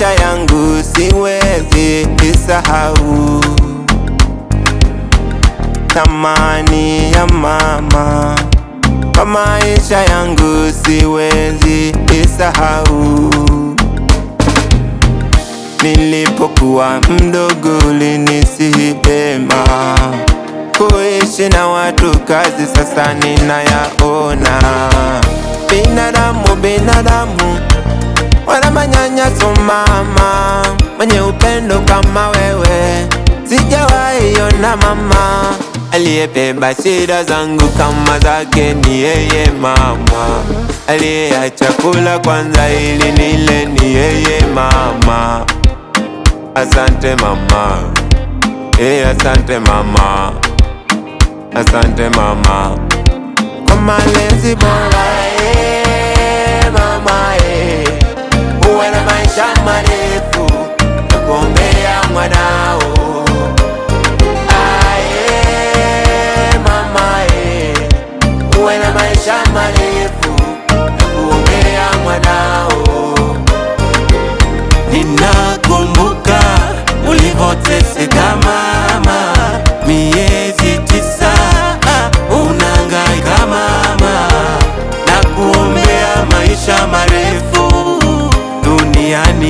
maisha yangu siwezi isahau thamani ya mama kwa maisha yangu siwezi isahau. Nilipokuwa mdogo ulinisihi pema kuishi na watu kazi, sasa ninayaona binadamu binadamu wala manyanyaso. Mama mwenye upendo kama wewe sijawahi ona mama aliyebeba shida zangu kama zake ni yeye mama, aliyeacha kula kwanza ili nile ni yeye mama. Asante mama, hey, eh, asante mama, asante mama kwa malezi bora hey. Eh. chamare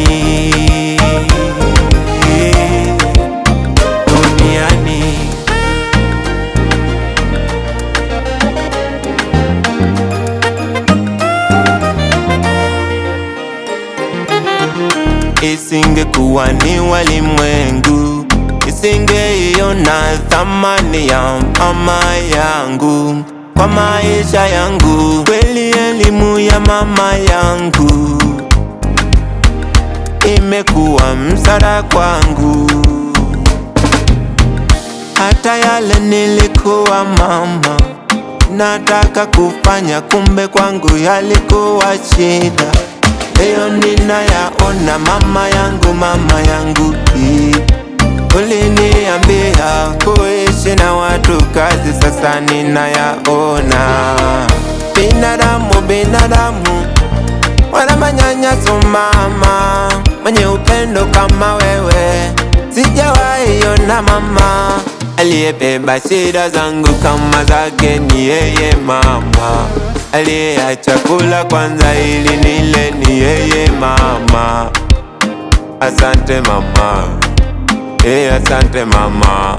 duniani, eh, duniani. Isingekuwa ni walimwengu, isingeiona thamani ya mama yangu kwa maisha yangu, kweli elimu ya mama yangu imekuwa msara kwangu, hata yale nilikuwa mama nataka kufanya, kumbe kwangu yalikuwa shida. Leo ninayaona mama yangu, mama yangu hii uliniambia kuishi na watu kazi, sasa ninayaona binadamu binadamu, wana manyanyaso mama mwenye upendo kama wewe, sijawahi ona mama aliyebeba shida zangu kama zake ni yeye mama, aliyeacha kula kwanza ili nile ni yeye mama. Asante mama, hey, eh, asante mama,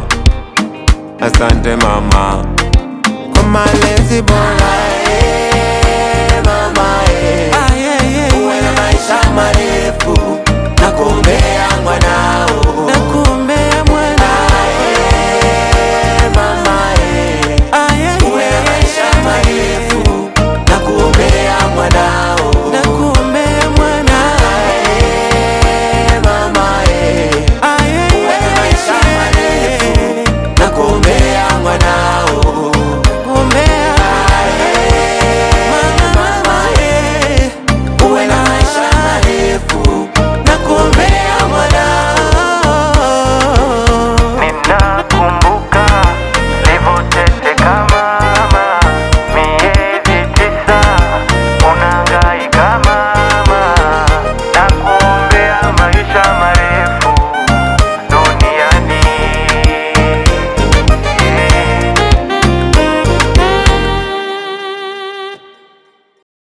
asante mama kwa malezi bora hey. Eh.